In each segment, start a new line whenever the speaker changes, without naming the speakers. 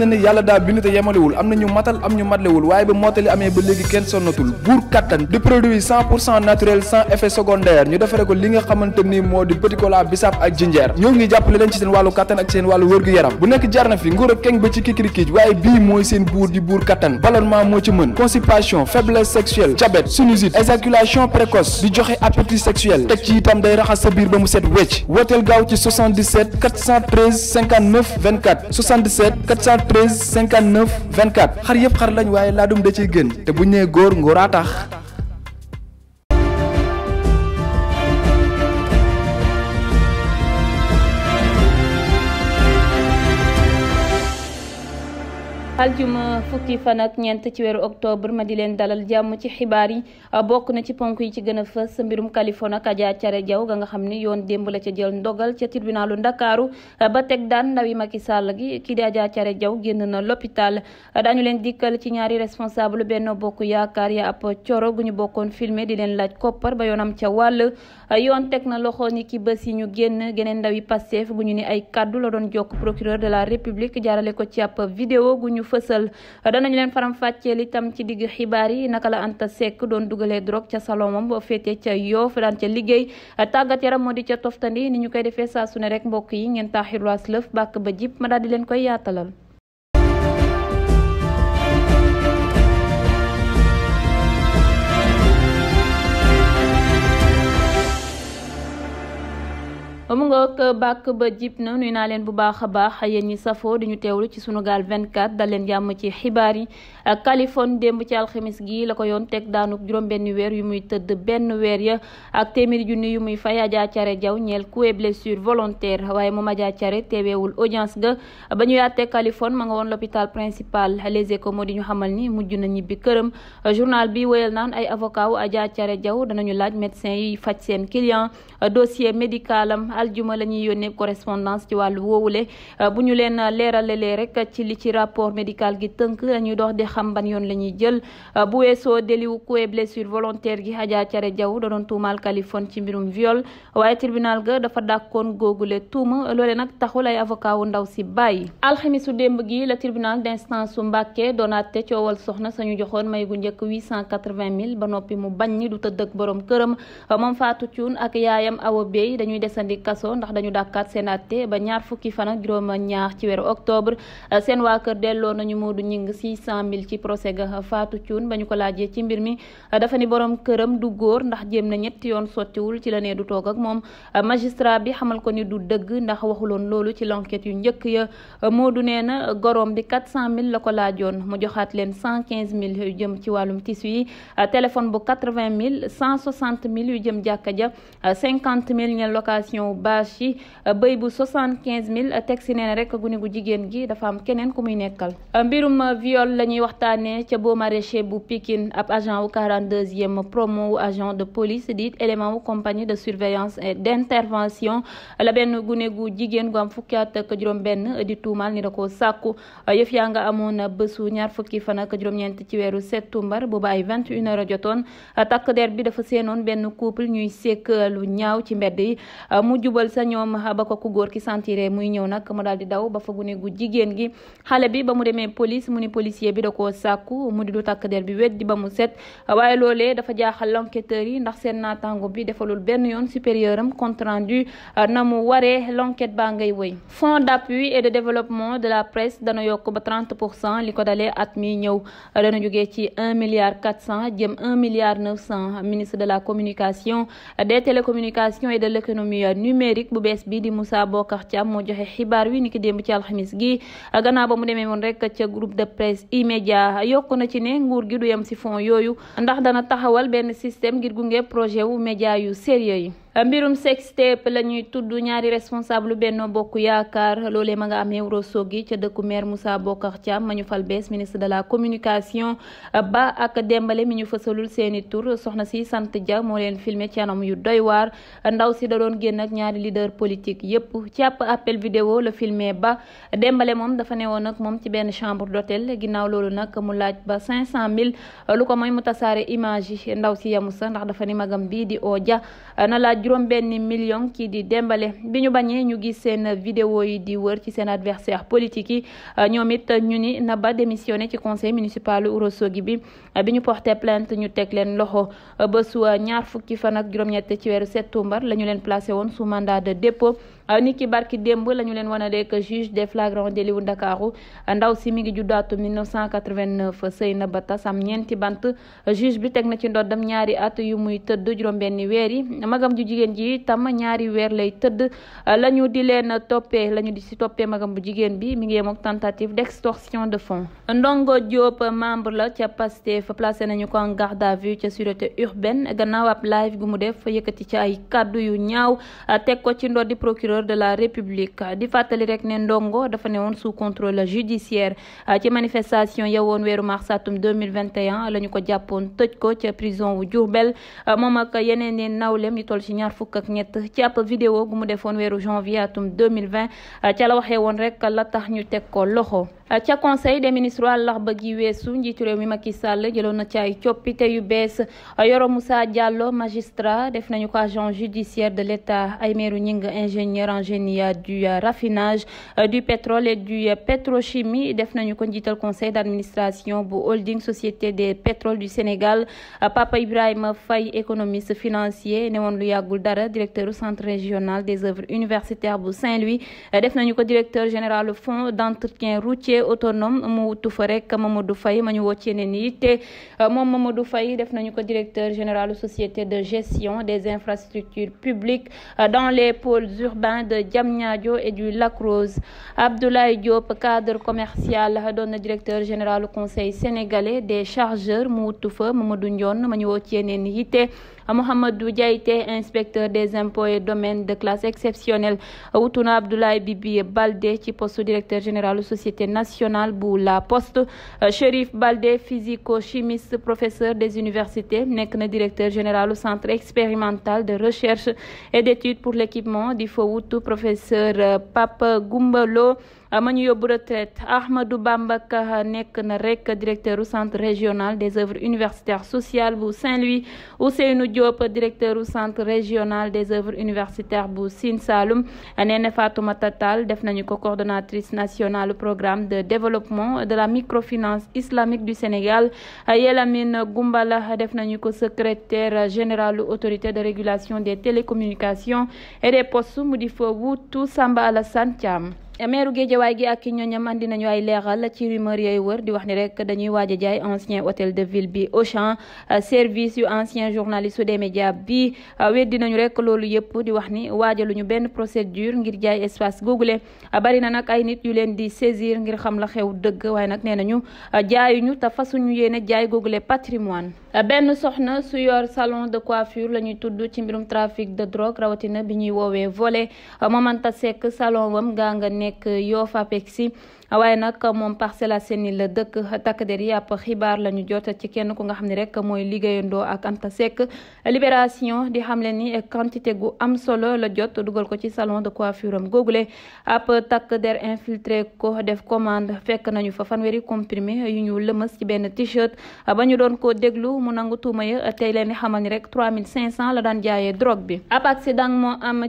xam yàlla daal bi te yemalewul am na ñu matal am ñu matlewul waaye ba mottali amee ba léegi kenn sonnatul buur kattan di produit naturel sans effet secondaire ñu defare ko li nga xamante ni moo di petit bisaab ak jinjeer ñoo ngi jàppale leen ci seen wàllu kattan ak seen wàllu wërgu yaram bu nekk jarna fi nguur keng ba ci kikirikiij waaye bii mooy seen buur di buur kattan ballonnement moo ci mën constipation faiblesse sexuel teg ci itam 73 59 24 xar yëpp xar lañ waaye laa dum da ciy gën te bu ñee nee góor tax
aljuma fukki fa ak ñeent ci weeru octobre ma di leen dalal jàmm ci xibaar yi bokk na ci ponk yi ci gën a fës mbirum Kalifone ak Adja Thiaré Diaw ga nga xam ni yoon démb la ca jël ndogal ca tribunalu Ndakaaru ba teg daan ndawi Macky Sall gi kii di Adja Thiaré Diaw génn na l'hôpital dañu leen dikkal ci ñaari responsable benn Bokk Yaakaar ya ab coro gu ñu bokkoon filmé di leen laaj koppar ba yoonam ca wàll yoon teg na loxo ni ki bés yi ñu génn geneen ndawi Pastef gu ñu ni ay kaddu la doon jokk procureur de la République jaarale fësal danañu leen faram fàcceel ci digg xibaar yi naka la Anta Seck doon dugalee drogue ca salon moom féetee ca Yoff daan ca liggéey tàggat yaram moo di ca toftandi ni ñu koy defee saa su ne mbokk yi ngeen taaxirluwaas lëf bàkk ba jib ma daal di leen koy yaatalal mu nga ak euh, bàkk ba jib na nuy naa leen bu baax a baax yéen ñi safoo di ñu teewlu ci Sunugal 24 dal leen jàmm ci xibaar yi euh, Kaliphone démb ci alxamis gi la ko yoon teg daanu juróom benn weer yu muy tëdd benn weer ya ak téeméeri junni yu muy fay Adja Thiaré jaw ñeel coups et blessures volontaires waaye moom Adja Thiaré teeweewul audience ga ba ñu yàttee Kaliphone ma nga woon l'hôpital principal Les Échos moo di ñu xamal ni mujj na ñibbi këram euh, journal bi wéyal naan ay avocat wu Adja Thiaré Diaw danañu laaj médecin yi faj seen client aljuma la ñuy yónnee correspondance ci wàllu woowule euh, bu ñu leen leeralee rek ci li euh, da doon tuumaal Kaliphone ci mbirum viol waaye tribunal ga dafa dàkkoon démb gi la tribunal d'instance su Mbàkke doonaate coowal soxna sañu joxoon may gu njëkk ba noppi mu bañ du tëdd ak borom këram moom Fatou Thioune ak yaayam Awa Bey dañuy desandi kaso ndax dañu dàkkaat seen àtte ba ñaar fukki fan ak juróom ñaar ci weeru octobre seen waa kër delloo nañu Modou cent mille ci procès ga Fatou Thioune ba ñu ko laajee ci mbir mi dafa ni borom këram du góor ndax jéem na ñetti yoon sottiwul ci la nee du toog ak moom magistrat bi xamal ko ni du dëgg ndax waxu loon loolu ci l'enquête yu njëkk ya Modou nee na goroom bi 400000 la ko laajoon mu joxaat leen 115000 yu jëm ci wàllum tissu yi téléphone bu 80000 160000 yu jëm jàkka ja 50000 ñeel location mu bâche yi bëy bu soixante quinze mille euh, teg si nee na gune gu jigéen gi dafa am keneen ku muy nekkal euh, mbirum euh, viol la ñuy waxtaane ca boo maraîcher bu Pikine ab agent wu quarante deuxième promo wu agent de police dit élément wu compagnie de surveillance et d' intervention la benn gune gu jigéen gu am fukki at ak juróom benn di tuumal ni da koo sàkku yëf yaa nga amoon bésu ñaar fukki fan ak juróom-ñeent ci weeru septembre booba ay vingt une heure jotoon takk der bi dafa seenoon benn couple ñuy lu ñaaw ci mbedd jubal sa ñoom ba ko ku góor ki sentiré muy ñëw nag mu daal daw ba fa gune gu jigéen gi xale bi ba mu demee police mu ni policier bi da koo sàkku mu di du takk der bi weddi ba mu set waaye loolee dafa jaaxal l'enquêteur ndax seen naataango bi defalul benn yoon supérieur am compte rendu euh, na mu waree l'enquête baa ngay wëy fonds d'appui et de développement de la presse dana yokk ba 30 pour cent li ko dalee at mi ñëw dana jógee ci 1 milliard 400 jëm 1 milliard numérique bu bees bi di Moussa Bokar Thiam moo joxe xibaar wi ni ki démb ci alxamis gi gannaaw ba mu demee woon rek ca groupe de presse immédiat yokk na ci ne nguur gi du yem si fonds yooyu ndax dana taxawal benn système ngir gunge projet wu média yu sérieux yi Euh, mbirum sextape la ñuy tudd ñaari responsable benn Bokk Yaakaar loole ma nga amee Ourossogui ca dëkku maire Moussa Bocar Thiam ma ñu fal bees ministre de la communication euh, ba ak dembale mi ñu fësalul seeni tur soxna si sant Dia moo leen filmé ci anam yu doy waar ndaw si da doon génn ak ñaari leader politique yépp ci ab appel vidéo la filmé ba dembale moom dafa ne woon nag moom ci benn chambre d'hôtel ginnaaw loolu nag mu laaj ba mille euh, lu ko mooy mu tasaare image ndaw si yamu sa ndax dafa ni magam bii di ja juróom benn million kii di dembale bi ñu bañee ñu gis seen vidéo yi di wër ci seen adversaire politique yi euh, ñoom it ñu ni na ba démissionné ci conseil municipal Ourossogui bi euh, bi ñu porté plainte ñu teg leen loxo euh, ba bésu ñaar fukki fan ak juróom-ñett ci weeru septembre la ñu leen placé woon sous mandat de dépôt Euh, nit ki barki démb la ñu leen wan a lekk juge des flagrants délits wu Ndakaaru ndaw si mi ngi juddaatu 1989 sëy na ba tas am ñeenti bant juge bi teg na ci ndoddam ñaari at yu muy tëdd juróom-benni weer yi magam ju jigéen ji itam ñaari weer lay tëdd la ñu di leen toppee la ñu di si toppee magam bu jigéen bi mi ngi yem ak tentative d'extorsion de fonds. Ndongo Diop membre la ca Pastef placé nañu ko en garde à vue ca sûreté urbaine gannaaw ab live gu mu def yëkkati ci ay kàddu yu ñaaw procureur de la république di fàttali rek ne ndongo dafa ne woon sous contrôle judiciaire ah, ci manifestation ya woon weeru mars atum 2021 la ñu ko jàppoon tëj ko ca prison wu Diourbel ah, moom ak yeneen ne nawleem yi toll ci ñaar fukk ak ñett ci ab vidéo gu mu defoon weeru janvier atum 2020 ah, ca la waxee woon rek la tax ñu teg ko loxo ca conseil des ministres àllarba gi weesu njiitu réew mi Macky Sall jëloon na ci ay coppite yu bees Yoro musa Diallo magistrat def nañu ko agent judiciaire de l'État Aymérou Gningue ingénieur en génie du rafinage du pétrole et du pétrochimie def nañu ko njiital conseil d'administration bu holding société des pétroles du Sénégal Papa Ibrahima Faye économiste financier ne woon lu yàggul dara directeur centre régional des œuvres universitaires bu Saint-Louis def nañu directeur général autonome mu wutu fa rek Mamadou Faye ma ñu woo ci yeneen yi te euh, moom Mamadou Faye def nañu ko directeur général société de gestion des infrastructures publiques euh, dans les pôles urbains de Diamniadio et du Lac Rose Abdoulaye Diop cadre commercial doon na directeur général conseil sénégalais des chargeurs mu wutu fa Mamadou Ndione ma ñu woo ci yeneen Mouhamadou Diaité inspecteur des impôts et domaines de classe exceptionnelle wutuna Abdoulaye Bibi Baldé ci poste directeur général société national bu La Poste Chérif Baldé physico chimiste professeur des universités nekk na directeur général centre expérimental de recherche et d'études pour l'équipement di fa wutu professeur euh, Pape Goumbalo ma ñu yóbbu retraite Ahmadou Bamba nekk na rek directeur centre régional des œuvres universitaires sociales bu Saint-Louis Ousseynou Diop directeur centre régional des œuvres universitaires bu Sine Saloum nee na Fatoumata def nañu ko coordonnatrice nationale programme de développement de la microfinance islamique du Sénégal Yelamine Goumbala def nañu ko secrétaire général autorité de régulation des télécommunications et des postes mu di fa wuutu Samba Alassane E, meeru Géejawaay gi ak ñooñam andi nañu ay leeral ci rumeur yooyu wër di wax ni rek dañuy waaja a jaay ancien hôtel de ville bi au Auchan euh, service yu ancien journaliste su des médias bi euh, weddi nañu rek loolu yëpp di wax ni waajaluñu benn procédure ngir jaay espace googule euh, bari na nag ay nit yu leen di saisir ngir xam la xew dëgg waaye nag nee nañu jaayuñu te fasuñu yéene jaay googule patrimoine Euh, benn soxna su yor salon de coiffure la ñuy tudd ci mbirum trafic de drogue rawatina bi ñuy woowee volet euh, Momanta sekk salon wam ngaa nga nekk Yoff Apexi Ah, waaye nag moom Parcelles Assainies la dëkk takk der yi ab xibaar la ñu jot ci kenn ku nga xam ne rek mooy liggéeyandoo ak Anta Seck Libération di xam leen ni quantité gu am solo la jot dugal ko ci salon de coiffure am googule ab takk der infiltré ko def commande fekk nañu fa fanweeri comprimé yu ñu lëmas ci benn t-shirt ah, ba doon ko déglu mu nangu tuuma ya tey leen di xamal ni rek 3500 la daan jaayee drogue bi ab accident moo am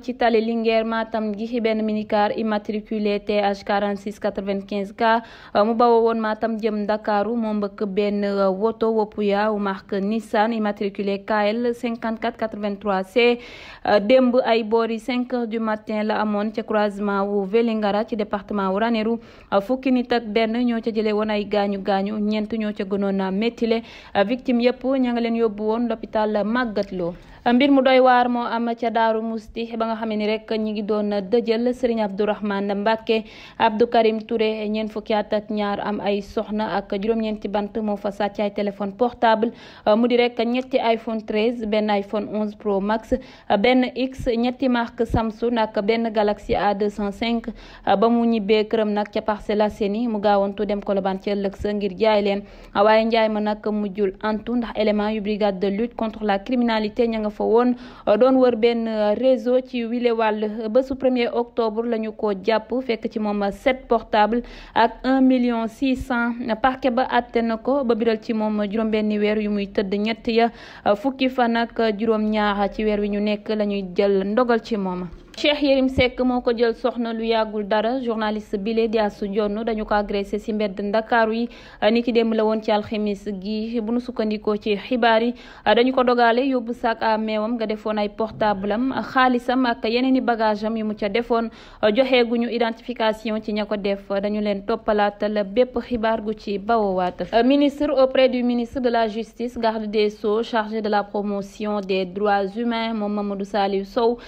ci 75 cas mu bawoo woon Matam jëm Ndakaaru moom mbëkk benn euh, woto woppuya marque Nissan immatriculé KL 54 83 C euh, démb ay boori 5 heures du matin la amoon ci croisement wu Vélingara ci département wu Ranérou euh, fukki nit ak benn ñoo ca jëlee woon ay gaañu gaañu ñeent ñoo ca gënoon a méttile victime yëpp ña nga leen yóbbu woon l'hôpital Magatte Lô mbir mu doy waar moo am ca daaru musti ba nga xam ne ni rek ñi ngi doon dëjël sëriñ Abdourahmane Mbacke Abdou Karim Touré ñeent fukki at ak ñaar am ay soxna ak juróom-ñeenti bant moo fa sàcc ay téléphone portable mu di rek ñetti iPhone 13 benn iPhone 11 Pro Max benn X ñetti marque Samsung ak benn Galaxy A205 ba mu ñibbee këram nag ca la Assainies mu gaawantu dem Colobane ca ëllëg sa ngir jaay leen waaye njaay ma nag mujjul antu ndax élément yu brigade de fa woon euh, doon wër benn euh, réseau ci wile wàll ba su premier octobre la ñu ko jàpp fekk ci moom euh, sept portable ak un million six cent parquet ba àtte na ko ba biral ci moom juróom-benni weer yu muy tëdd ñett ya fukki fan ak juróom-ñaar ci weer wi ñu nekk la ñuy jël ndogal ci mooma Cheikh Yérim Seck moo ko jël soxna lu yàggul dara journaliste bile di Asu Jonn dañu ko agressé ci mbedd ndakaaru yi ni ki dem la woon ci alxemis gi bu nu sukkandikoo ci xibaar yi dañu ko dogale yóbbu saak à meewam nga defoon ay portable am xaalisam ak yeneen i bagage yi yu mu ca defoon joxeeguñu identification ci ña ko def dañu leen toppalaata toppalaatal bépp xibaar gu ci bawowaat ministre auprès du ministre de la justice garde des so chargé de la promotion des droits humains moom Mamadou Saliou Sow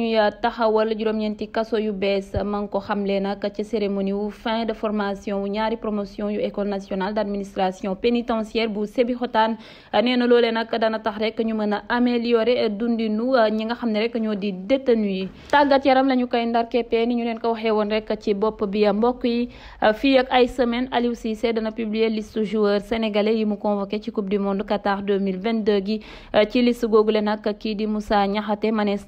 ñuy taxawal juróom-ñeenti kaso yu bees ma ngi ko xamle nag ca cérémonie wu fin de formation wu ñaari promotion yu école nationale d' administration pénitentiaire bu Sébikotane nee na loolee nag dana tax rek ñu mën a améliorer dundinu ñi nga xam ne rek ñoo di détenu yi tàggat yaram la ñu koy ndar ñu leen ko waxee woon rek ci bopp bi mbokk yi fii ak ay semaine Aliou Cissé dana publier liste joueurs sénégalais yi mu convoqué ci coupe du monde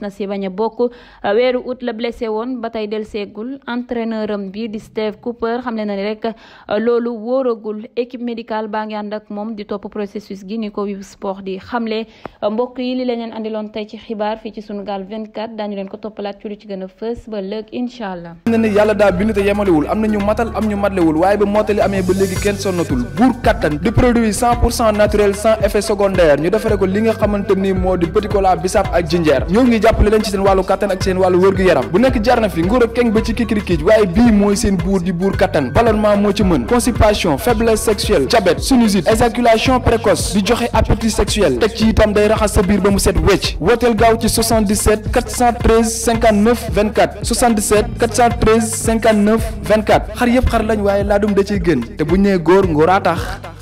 a Euh, weeru août la blessé woon ba tey del seegul entraîneur am bi di Steve Cooper xamle na ni rek euh, loolu wóoragul équipe médicale baa ngi ànd ak moom di topp processus gi ni ko Wib Sport di xamle euh, mbokk yi li la andiloon tey ci xibaar fii ci Sunugal 24 daañu leen ko toppalaat ci lu ci gën a fës ba lëg incha allah.
yàlla daa bind te yemalewul am na ñu matal am ñu matlewul waaye ba mottali amee ba léegi kenn sonnatul buur kattan di produit naturel sans effet kattan ak seen wàllu wërgu yaram bu nekk jarna fi nguur ak keng ba ci kikirikiij waaye bii mooy seen buur di buur kattan ballonnement moo ci mën constipation faiblesse sexuelle diabète sinusite éjaculation précoce di joxe appétit sexuel teg ci itam day raxas sa biir ba mu set wecc wooteel gaaw ci 77 413 59 24 77 413 59 24 xar yëpp xar lañ waaye laadum da ciy gën te bu ñu nee góor ngóoraa tax